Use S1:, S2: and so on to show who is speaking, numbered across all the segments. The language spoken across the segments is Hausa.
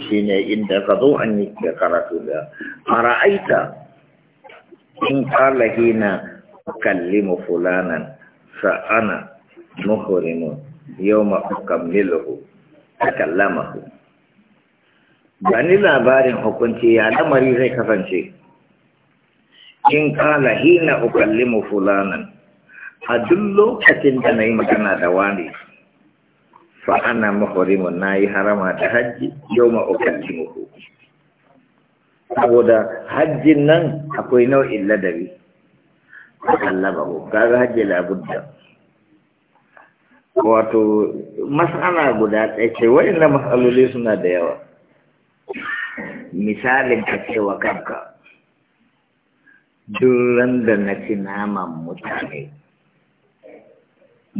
S1: shi inda ka zo an yi karatu da fara'aita in kala hina mu fulanan sa'ana muhurimu yau ma'ukammilahu ta kallamahu gani labarin hukunci ya lamari zai kasance in kala hina ukallimu fulanan a duk lokacin da na yi magana da wani mahrimu nayi harama ta haji yoma أكلمه saboda hajjin nan akwai nau'in ladabi a kallaba ko haji la budda wato mas'ala guda ɗaya ce waɗannan matsaloli suna da yawa misalin ka ce wa kanka duk da na ci naman mutane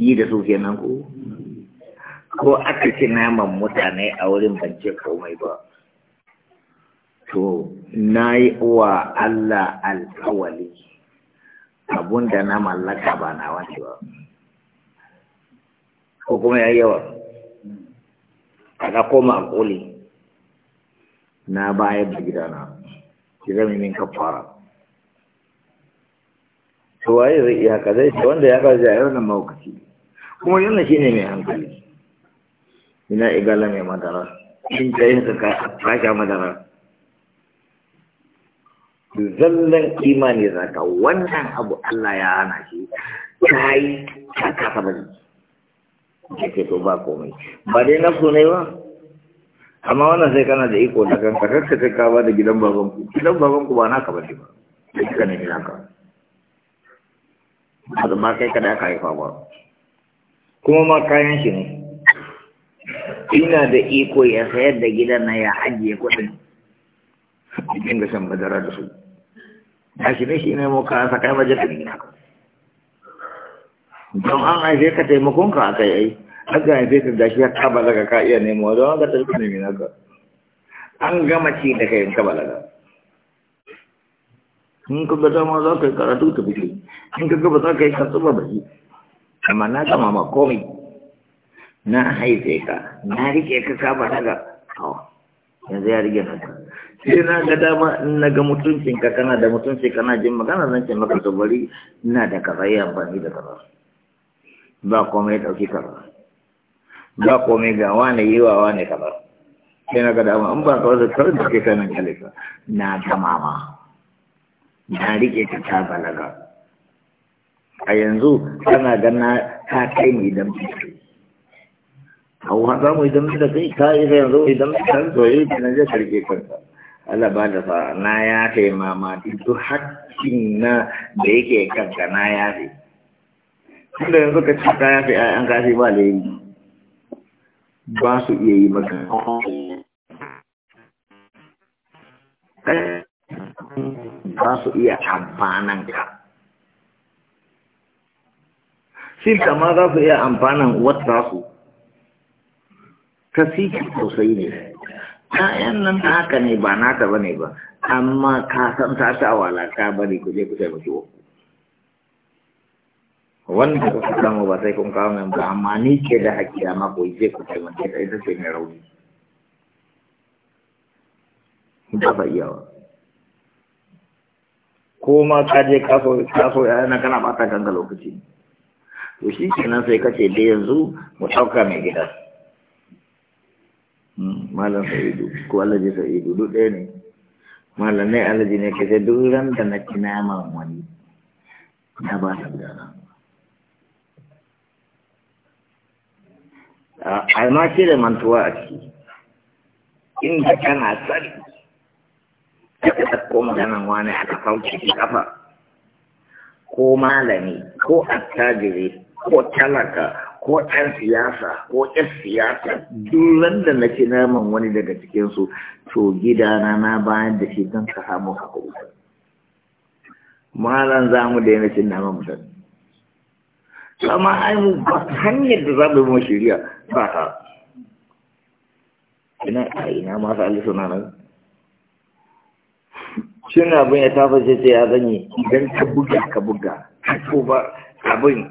S1: yi da su kenan ko ko aka ci naman mutane a wurin bance komai ba to na yi wa Allah alkawali abunda na mallaka ba na wani ba ko kuma ya yawa a koma a koli na bayar da gidana ki zama min ka fara. to waye zai iya ka zai ce wanda ya kawo jayar na maukaci kuma yana shi ne mai hankali ina igala mai madara in ka yi ka kasha madara zallan imani zaka wannan abu Allah ya hana shi ta yi ta kasa bari ke to ba komai ba dai na ne ba amma wannan sai kana da iko da kanka ka kai ka ba da gidan babanku gidan babanku ba naka bane ba sai ka ne ka ba kai kada aka haifa ba kuma ma kayan shi ne ina da iko ya sayar da gidan na ya ajiye kuɗin cikin da shan madara da su a shi ne shi ne mu ka saka maje ka gina don an haife ka taimakon ka aka yi aka haife ka gashi ya ka balaga ka iya nemo don an ga tarfi ne mina ka an gama ci da kai ka balaga in ka ga dama za ka yi karatu ta fi in ka gaba za ka yi katsuba baki amma na gama ma komai na haife ka na rike ka saba daga yanzu ya rike ka sai na ga dama na ga mutuncin ka kana da mutunci kana jin magana zan ce maka bari ina da kaza yi amfani da kaza ba komai ɗauki kaza ba komai ga wani yi wa wane kaza sai na ga dama in ba ka wasu karin da ke kanin kalisa. na gama ma na rike ka ta balaga a yanzu kana gana ka kai ni dan bisu hau haza mu idan da kai ka isa yanzu idan kan soyayya ki nan zai karke kanka na ya kai mama duk na da kanka na yanzu ba laifi iya yi iya amfanan ka iya amfanan kasikin sosai ne ‘ya'yan nan haka ne ba naka ba ba amma ka san ta ta wala ka bari ku je ku sai mutuwa wanda ku samu ba sai kun kawo min ba amma ni ke da haƙƙi amma ku je ku sai ta ita ce mai rauni ba ba iyawa ko ma ka je kaso ya yana kana ɓata ganga lokaci to shi kenan sai kace da yanzu mu ɗauka mai gidan Hmm, malam sa'idu ko alaji sa'idu duk ɗaya ne malam ne alaji ne ke sai duk ran da na ci naman wani na ba ta gana a ma ce da mantuwa a ciki in da kana tsari ka ɗauko maganan wani aka sauke shi kafa ko malami ko attajiri ko talaka ko ɗan siyasa ko ƴan siyasa duk da na ke naman wani daga cikinsu to gidana na bayan da shi don ka samu wuta malan za mu daina cin naman mutum. sama ai mu ba hanyar da za mu mu shirya ba ta ina a ina masu alisu na nan shin abin ya tafashe sai ya zanyi idan ka buga ka buga ka ba abin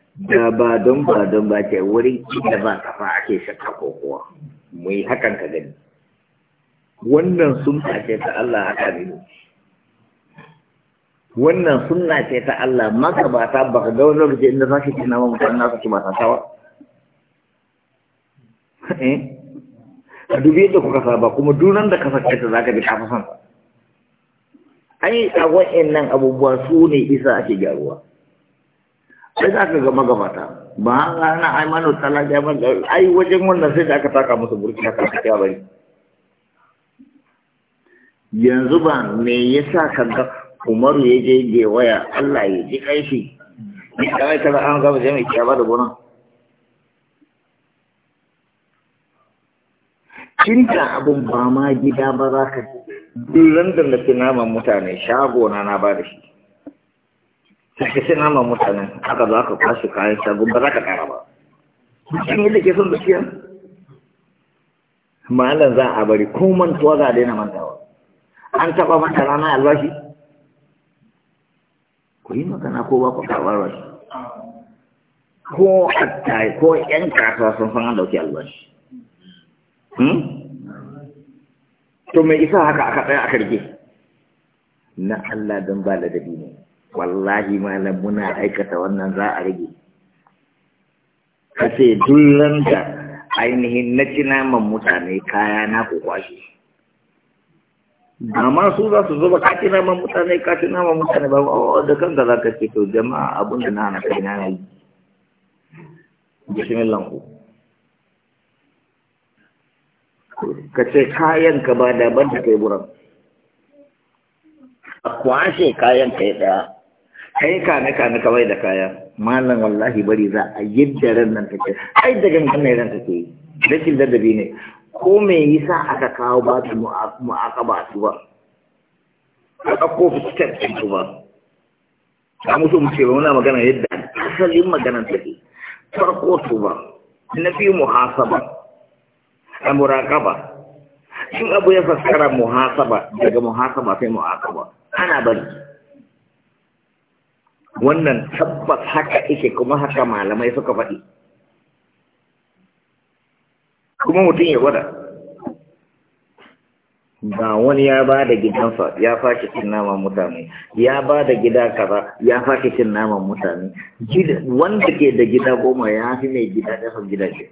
S1: da ba don ba don ba ce wurin inda ba kafa ake shakka ko kuwa mu yi hakan ka gani wannan sunna ce ta Allah haka ne wannan sunna ce ta Allah maka ba ta ba ka ga wani lokaci inda za ki kina mutane na saki mata tawa eh a dubi yadda kuka saba kuma dunan da ka saka ta zaka bi kafasan ai a wa'annan abubuwa su ne isa ake gyaruwa sai za ka ga magabata ba an rana ai manu talaga a ai wajen wannan sai da aka taka musu burki na ta kya bai yanzu ba me yasa ka ga umaru ya je ge waya Allah ya ji kai shi ni kawai ta an gaba je mai ba da gona cinta abun ba ma gida ba za ka duk da na naman mutane shago na na ba da shi sai sai nama mutanen aka zo aka kwashe kayan shago ba za ka kara ba shi ne ke son dukiya malam za a bari ko mantuwa za a daina mantawa an taba mata rana albashi ku yi magana ko ba ku karɓar albashi ko attai ko yan kasuwa sun san an dauki albashi hmm? to mai isa haka aka tsaya aka rike na Allah don ba ladabi ne wallahi malam muna aikata wannan za a rage kace dullan da ainihin na ci naman mutane kaya na ku kwashe amma su za su zuba kaci naman mutane kaci naman mutane ba oh, da kanka za ka ce to jama'a abin da na na kai na yi bismillah ku ka ce kayan ka ba daban da kai buran a kwashe kayan ka yi daya kai ka na ka na kawai da kaya malam wallahi bari za a yadda ran nan take ai da gangan ne ran take rashin ladabi ne ko me yasa aka kawo ba su mu'aqaba su ba ko ɗauko fiskar su ba Ka musu mu ce ba muna magana yadda asalin maganar take farko su ba na fi muhasaba a muraqaba in abu ya fassara muhasaba daga muhasaba sai mu'aqaba ana bari wannan tabbas haka ike kuma haka malamai suka faɗi kuma mutum ya gwada ba wani ya ba da gidansa ya fashe cin naman mutane ya ba da gida kaza ya fashe cin naman mutane wanda ke da gida goma ya fi mai gida ya san gida ce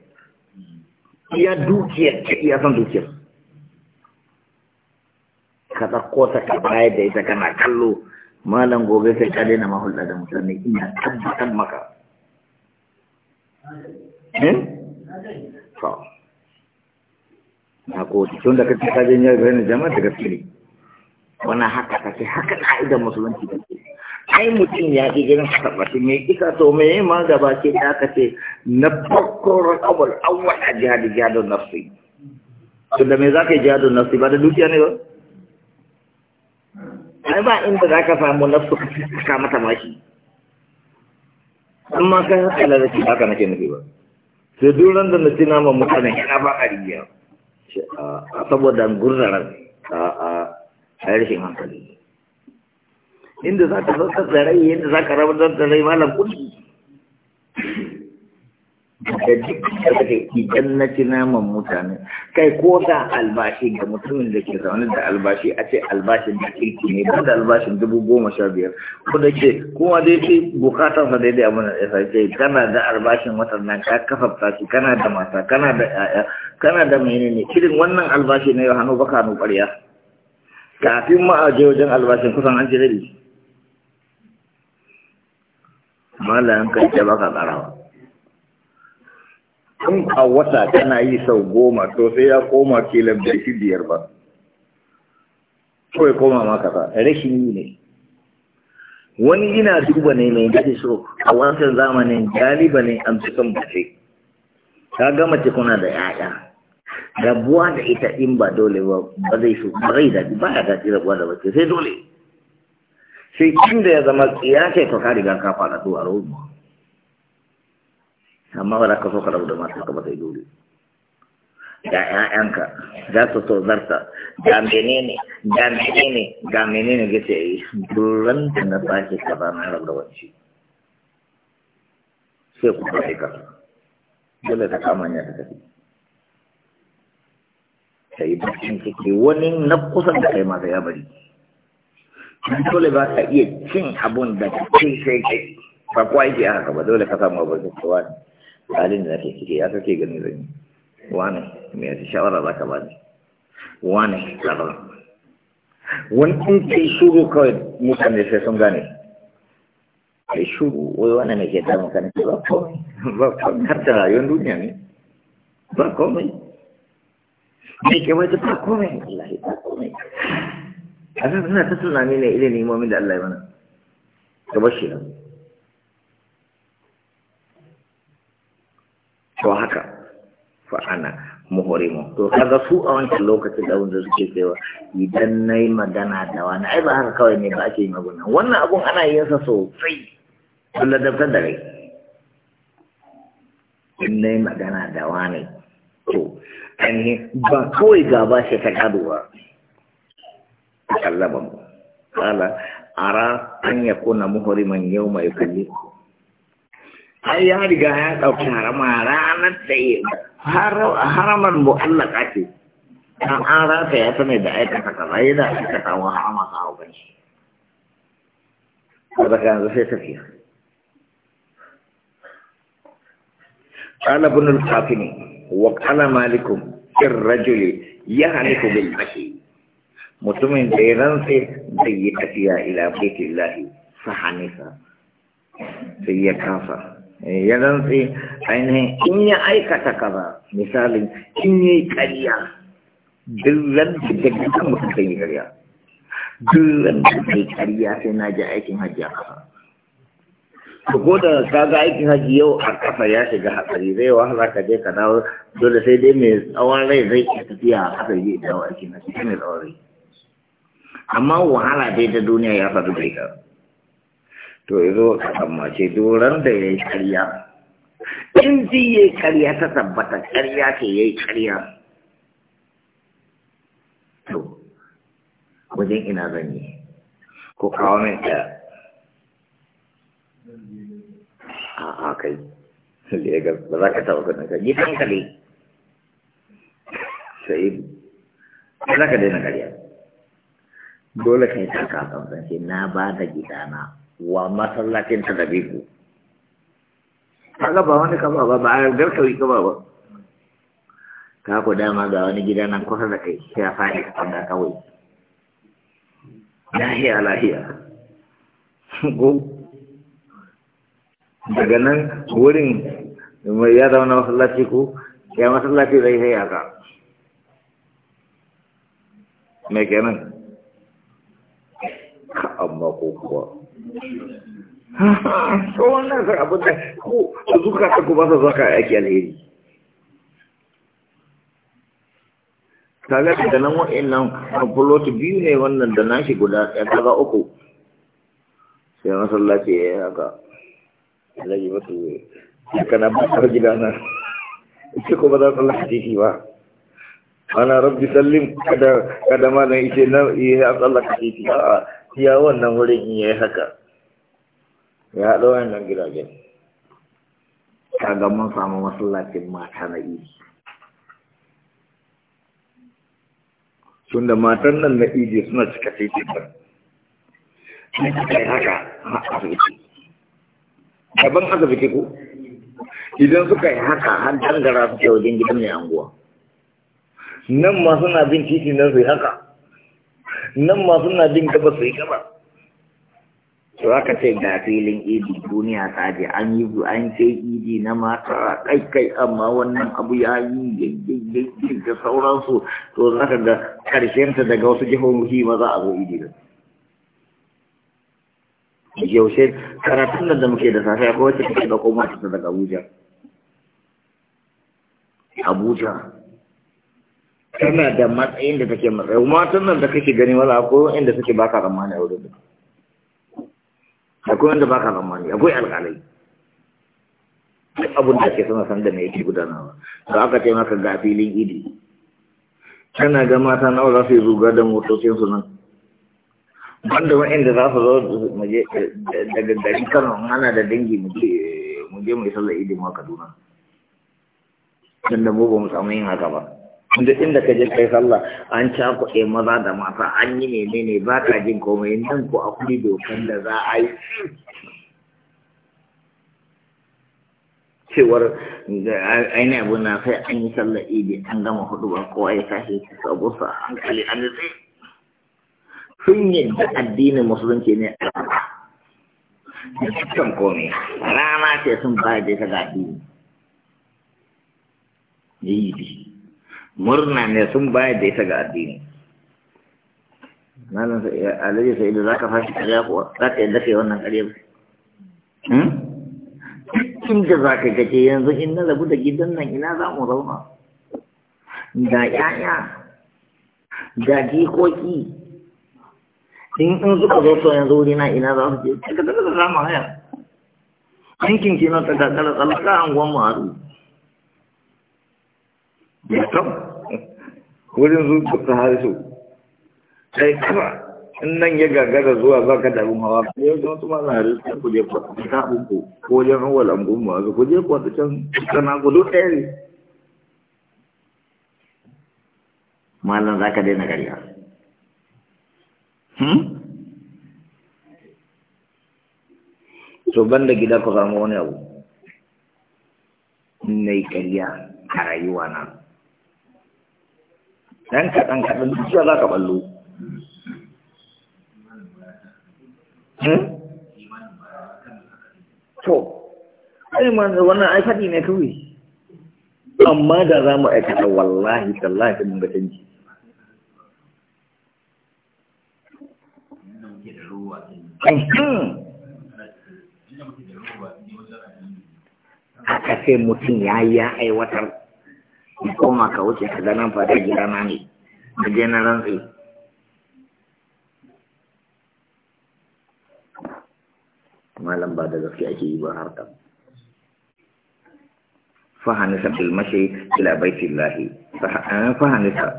S1: ya dukiyar ya san dukiyar ka ɗauko ta ka bayar da ita kana kallo malam gobe kai ka daina mahulɗa da mutane ina tabbatar maka eh? na kowace tun da ka kajin yau ne jama'a daga gaske wannan haka kake haka da musulunci da ke ai mutum ya ji ganin tabbatin me ƙi to me ma gaba ke da aka ce na farko rakabal awwal a jadu nafsi to da me za jadu nafsi ba da dukiya ne ba ai ba inda za ka samu nafsu ka mata mashi amma kan halar da haka nake nufi ba sai duk ran da na ci nama mutane ina ba a riya saboda gurzaran a rashin hankali inda za ka zartar da rai yadda za ka rabar da rai malam kudi da duk da ke na naman mutane kai ko da albashi ga mutumin da ke zaune da albashi a ce albashin da kirki ne ba da albashin dubu goma sha biyar ko da ke kuma dai ce bukatar sa daidai abin da ya sai kana da albashin watan nan ka kafafta shi kana da mata kana da yaya kana da menene irin wannan albashi na yau hannu baka hannu ƙwarya kafin ma a je wajen albashin kusan an ci rabi malam kai ce baka ƙarawa in a wata kana yi sau goma to sai ya koma kila bai fi biyar ba kawai ya koma ma kasa rashin yi ne wani ina duba ne mai gaji so a wancan zamanin galiba ne an fi son bace ka ga mace kuna da 'ya'ya rabuwa da ita in ba dole ba ba zai so ba zai daɗi ba ya daɗi rabuwa da bace sai dole sai da ya zama ya ce to ka riga ka faɗa to a amma ba za ka so ka rabu da masu ka ba sai dole Da ƴaƴanka za su so zarta ga menene ga menene ga menene gace yi eh, duran da na sake ka ba na rabu da wanci sai ku ba ka dole ta kama ne ta tafi sai bakin ciki wani na kusa da kai ma sai ya bari dole ba ka iya cin abun da kai sai kai ba kwa yake haka ba dole ka samu abin da kowa ne halin da nake ciki ya kake gani zan wane me yasi shawara za ka ba ni wane kaza wani in kai shuru kawai mutane sai sun gane kai shuru wai wannan ne ke damu kan ba komai ba komai har da rayuwar duniya ne ba komai me ke wata ba komai wallahi ba komai a nan ina ta tunani ne ilimin imomin da Allah ya mana ka bar shi nan to haka fa ana muhurimu to kaga su a wancan lokacin da wanda suke cewa idan na yi magana da wani ai ba haka kawai ne ba ake yi magana wannan abun ana yin sa sosai sun da rai in na yi magana da wani to ainihin ba kawai gaba shi ta ba a kallaba mu kala ara an yakuna muhuriman yau mai kalli ai ya riga ya ɗauki harama ranar da haramar mu'allaka ce an rata ya ta ne da aikata kaza yana aikata wa harama ta hau gan daga yanzu sai tafiya قال ابن الحافظ وقال مالك في الرجل يهلك بالعشي mutumin da ya rantse zai yi tafiya ila baitillahi fa sai ya kafa Eh, ya rantse ainihin in ya aikata kaza misalin in ya yi kariya. dillan da daga kan mutum kan yi kariya. dillan da yi kariya sai na ji aikin hajji a kafa. ko da ka ga aikin hajji yau a ƙasa ya shiga hatsari zai wahala ka je ka dawo dole sai dai mai tsawon rai zai ke tafiya a ƙasa yi dawo aikin hajji mai tsawon rai amma wahala dai da duniya ya faru da ita to ya zo amma ce doron da ya yi karya in ji ya yi karya ta tabbata karya ke ya yi karya to wajen ina zan yi ko kawo min ɗaya a kai legas ba za ka taɓa kudin kai gidan hankali sai ba za ka daina karya dole kai ta kasan sai na ba da gidana wa masallacin ta dabiku kaga ba wani kaba ba ba a garkawi kaba ba ka ku dama ga wani gida nan kusa da kai sai a faɗi ka fada kawai lahiya lahiya go daga nan wurin ya zauna masallaci ko ya masallaci zai sai ya ka mai kenan ka amma ko kuwa ko wannan kan abin da ko zuka ta ku ba sa zaka aiki alheri kaga da nan wa'annan fulot biyu ne wannan da nashi guda ɗaya kaga uku sai masallaci ya yi haka zai mutu kana ba ta na. ita ko ba za ta lahaji ba ana rabbi sallim kada kada malam ita na yi a tsallaka titi a'a iya wannan wurin in yayi haka ya haɗa wannan gidajen kaga mun samu masallacin mata na idi tunda matan nan na idi suna cika titi ba kai haka haka daban haka suke ku idan suka yi haka har dangara suke wajen gidan mai anguwa nan ma suna bin titi nan su yi haka nan masu na bin gaba su yi gaba to aka ce ga filin idi duniya ta je an yi an ce idi na mata kai kai amma wannan abu ya yi yayyayyayi da sauransu to za ka ga ta daga wasu jihohi ma za a zo idi da yaushe karatun da muke da safe, ko wacce take da koma ta daga abuja abuja tana da matsayin da take matsayi eh, matan nan da kake gani wala ko inda suke baka zamani a wurin akwai inda baka zamani akwai alƙalai duk abin da ke sana san da me yake gudanawa da aka ce maka ga filin idi kana ga mata nawa za su yi zuga da motocin su nan banda wa'anda za su zo muje eh, daga garin Kano ana da dangi muje je mu yi sallar idi ma Kaduna dan da mu ba mu samu yin haka ba In inda ka je kai sallah an cakuɗe maza da mata an yi menene ba ka jin komai nan ko akwai dokan da za a yi cewar aini abu na sai an yi sallar idi an gama hudu ba kowa ya ta sabu sa hankali an zai sun yadda addinin musulunci ne a cikin komai rana ce sun bayar da ta ga addini ne yi murna ne sun bayar da ita ga addini Na alaji sai da zaka fashi kariya kuwa za ka yadda kai wannan kariya ba hmm? da za ka gaje yanzu in na rabu da gidan nan ina za mu zauna da yaya da jikoki in in suka zo so yanzu wuri na ina za su je daga daga za mu haya yankin ki na tsakakar tsallaka an gwan mu ya tabbata wurin zuwa ta harisu sai kuma in nan ya gagara zuwa za ka damu hawa ka yau don tuma na harisu ta kuje kwata ta uku ko wajen hawa lambun ma je kuje kwata can kana ku ɗaya ne malam za ka daina karya hmm? to ban da gida ku samu wani abu in na yi karya a rayuwa na ɗan kaɗan kaɗan duk za ka ballo hmm? to ai manzo wannan ai faɗi ne kawai amma da za mu aikata wallahi tallahi mun ga canji haka sai mutum ya yi ya aiwatar ka koma ka wuce ka ga nan fata gida na ne da je na rantsi malam ba da gaske ake yi ba har kan fahanisa fil mashi ila baitillahi fahanisa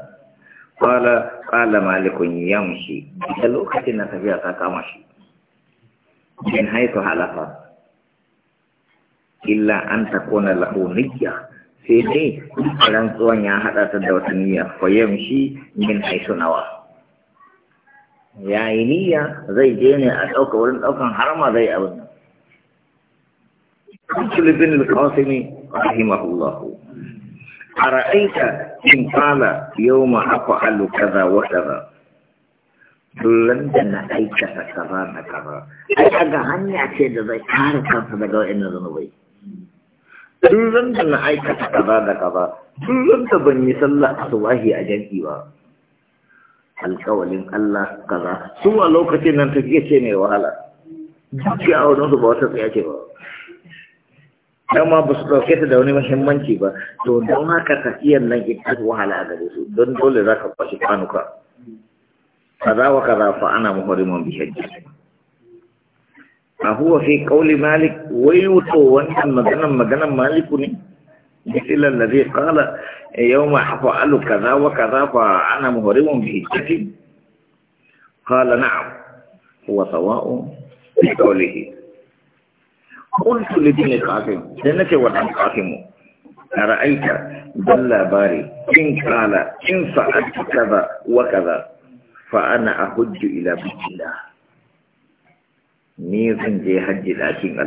S1: قال قال مالك يمشي الوقت نتفيا تكامشي In حيث حلفا إلا an تكون له نية sai dai rantsuwan ya haɗa ta da wata niyya ko yamshi min haisu nawa ya yi niyya zai je ne a ɗauka wurin ɗaukan harma zai abin nan bin al-Qasimi rahimahullahu ara'aita in qala yawma af'alu kaza wa kaza Dulan da na aikata kaza na kaza ai ga hanya ce da zai kare kansa daga wa'annan zanubai duk zan da na aikata kaza da kaza duk zan da ban yi sallah asubahi a janki ba alkawalin Allah kaza su a lokacin nan ta ce mai wahala duk a wani su ba wata tsaya ce ba ma ba su ɗauke ta da wani mahimmanci ba to don haka tafiyar nan ita wahala a gare su don dole za ka kwashe kwanuka kaza wa kaza fa ana muhurimin bishiyar هو في قول مالك ويوتو وانت مجانا مجانا مالك مثل الذي قال يوم أفعل كذا وكذا فأنا مهرم بهجتي قال نعم هو سواء في قوله قلت لابن قاسم جنة وابن قاسم أرأيت بلا باري إن قال إن فعلت كذا وكذا فأنا أهج إلى بيت الله ni zan je hajji ɗakin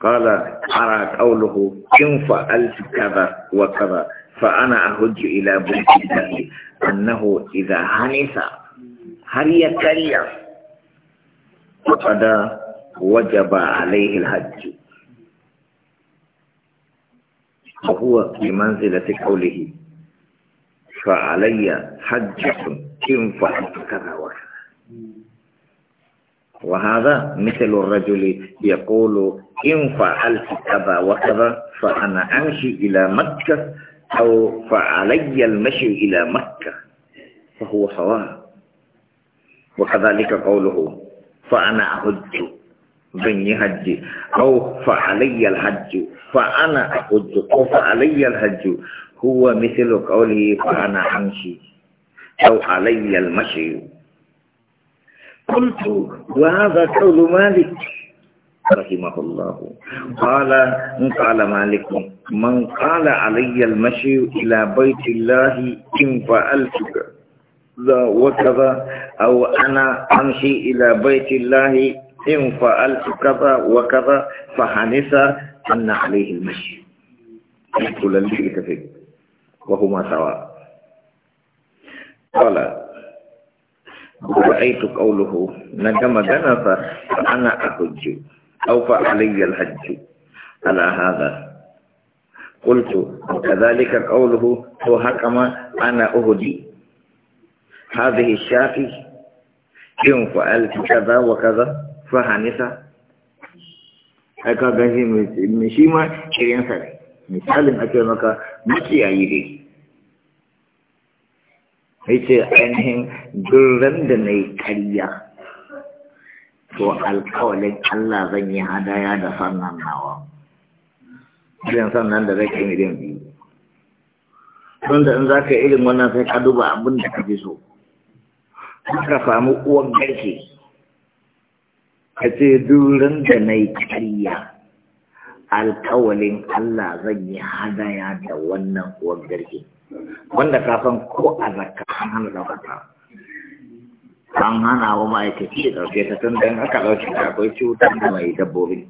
S1: قال أرى قوله إن فعلت كذا وكذا فأنا أهج إلى بيت الله أنه إذا هنس هل يكري فقد وجب عليه الحج وهو بمنزلة قوله فعلي حجة إن فعلت كذا وكذا وهذا مثل الرجل يقول إن فعلت كذا وكذا فأنا أمشي إلى مكة أو فعلي المشي إلى مكة فهو صواب وكذلك قوله فأنا أهج بني هج أو فعلي الحج فأنا أهج أو فعلي الحج هو مثل قوله فأنا أمشي أو علي المشي قلت وهذا قول مالك رحمه الله قال قال مالك من قال علي المشي إلى بيت الله إن فعلت كذا وكذا أو أنا أمشي إلى بيت الله إن فعلت كذا وكذا فحنس أن عليه المشي قلت للي وهما سواء قال ra'aitu qawluhu nagama gana fa ana ahujju aw fa alayya alhajj ala hadha qultu kadhalika qawluhu wa hakama ana uhudi hadhihi shafi yun fa al kadha wa kadha fa hanisa aka gaji mi shi ma kiyansa misalin ake maka makiyayi dai yace ainihin duran da na yi kariya, to alƙawalin Allah zan yi hadaya da sannan nawa irin sannan da zai kai miliyan biyu don da in za ka yi irin wannan sai ka duba abin da ka fi so ka samu uwan garke ka ce duran da na yi ƙarya alƙawalin Allah zan yi hadaya da wannan uwan garke wanda ka san ko a zaka an hana ɗaukata an hana wa ma'aikaci da ɗauke ta tun don aka ɗauke ta akwai cutar da mai dabbobi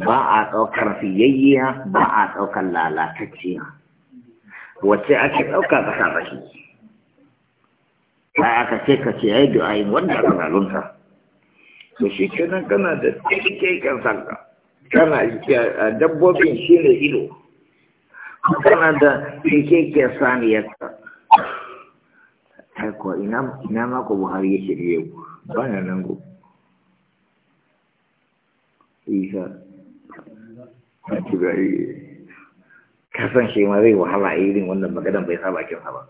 S1: ba a ɗaukar fiyayya ba a ɗaukar lalatacciya wacce ake ɗauka baki ba aka ce ka ce du'a du'ayin wanda aka zalunta to shi kenan kana da cikakken sanka kana dabbobin shi ne ido kana da keke ke saniyarka aiko ina mako buhari ya shirye ku bana nan ku isa a tugari kasan shi ma zai wahala irin wannan maganan bai saba kin ba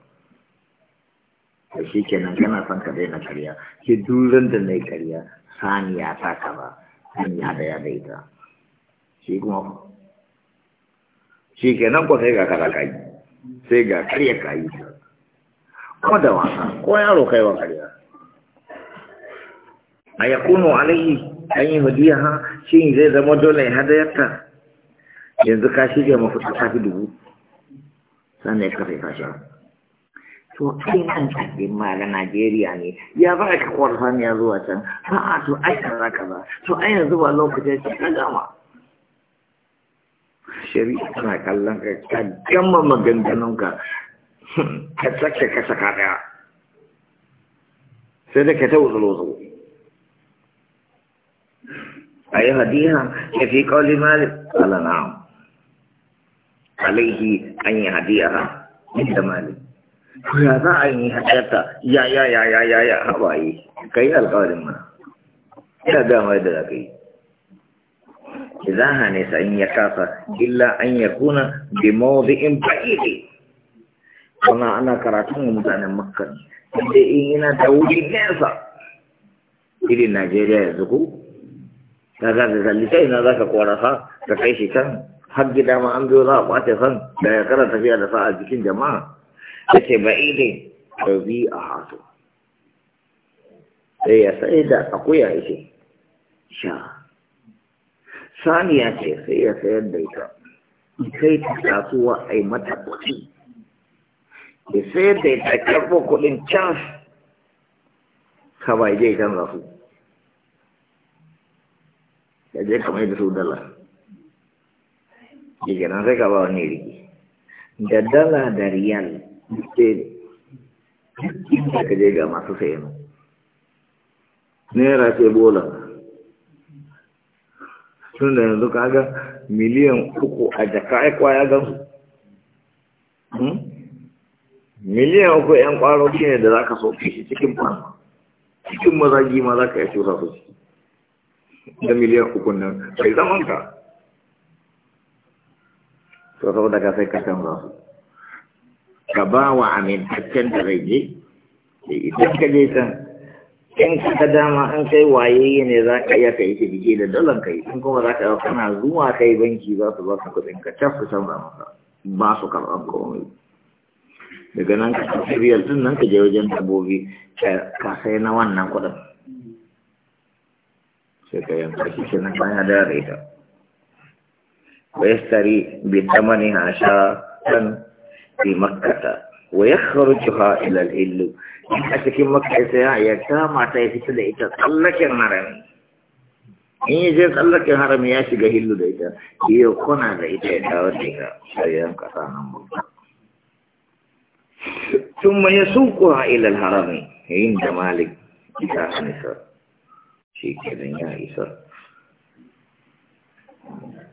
S1: da shi kenan kana son ka daina karya shi duran da na karya saniya ta kaba saniya da ya daita shi kuma shi kenan ko sai ga kaza ka yi sai ga kariya ka yi kuma da wasa ko yaro kai wa kariya a ya kuno an yi hudiya ha shi zai zama dole ta? yanzu ka shige mafuta ta fi dubu sannan ya kafa fashe to kai nan kaɗin ma na Najeriya ne ya ba ka kwarfan ya zuwa can a'a to ai kaza kaza to ai yanzu ba lokacin ka gama shari'a tana kallon ka ka gama maganganunka ka tsakke ka saka daya sai da ka ta wutsulo a yi hadiha ya fi kawali mali ala na'am alaihi an yi hadiha inda mali ko ya za a yi hadiyarta ya ya ya ya ya ya hawaye ka yi alkawarin mana ya gama yadda za ka yi ذهنس أن يكاس إلا أن يكون بموضع بعيد هنا أنا كراتون ممتان مكة إذا إينا توجي نيسا إذا نجيريا يزكو هذا ذا لسي نذاك قوارسا تكيشي كان حق داما أمدو ذا باتي خان لا يكرا تفيا لسا أجيكين جماعة لكي بعيد ربي أحاسو إيه سيدة أقويا إيه شاء saniya ce sai ya sayar da ita kai ta kasuwa a yi mata kuɗi ya sayar da ita karɓo kuɗin can ka bai je kan zafu ya je kamar da su dala daga nan sai ka ba wani rigi da dala da riyal ce ka je ga masu sayan naira ce bola tun da yanzu ka ga miliyan uku a jaka ai kwaya su? Hmm? miliyan uku yan kwaro ne da za ka sauke shi cikin fan cikin mazagi ma za ka yi cusa su da miliyan uku nan bai zaman ka to saboda ka sai ka canza su ka ba wa amintaccen da zai je idan ka je can in ka dama an kai waye ne za ka iya kai shi dike da dalan kai in kuma za ka kana zuwa kai banki za su ba baka kuɗin ka can su canza maka ba su karɓar komai daga nan ka tafi riyal nan ka je wajen dabbobi ka sai na wannan kuɗin sai ka yanka shi na bayan da raita wa yastari bi tamani sha kan bi makkata wa yakhrujuha ila al-hill a cikin makka sai ya yarda mata ya fita da ita tsallaken harami in ya je tsallaken harami ya shiga hillu da ita iya kuna da ita ya dawo da ita shari'an kasa nan mulka ثم يسوقها إلى الهرم عند مالك إذا أنسى shi كذا يا إسر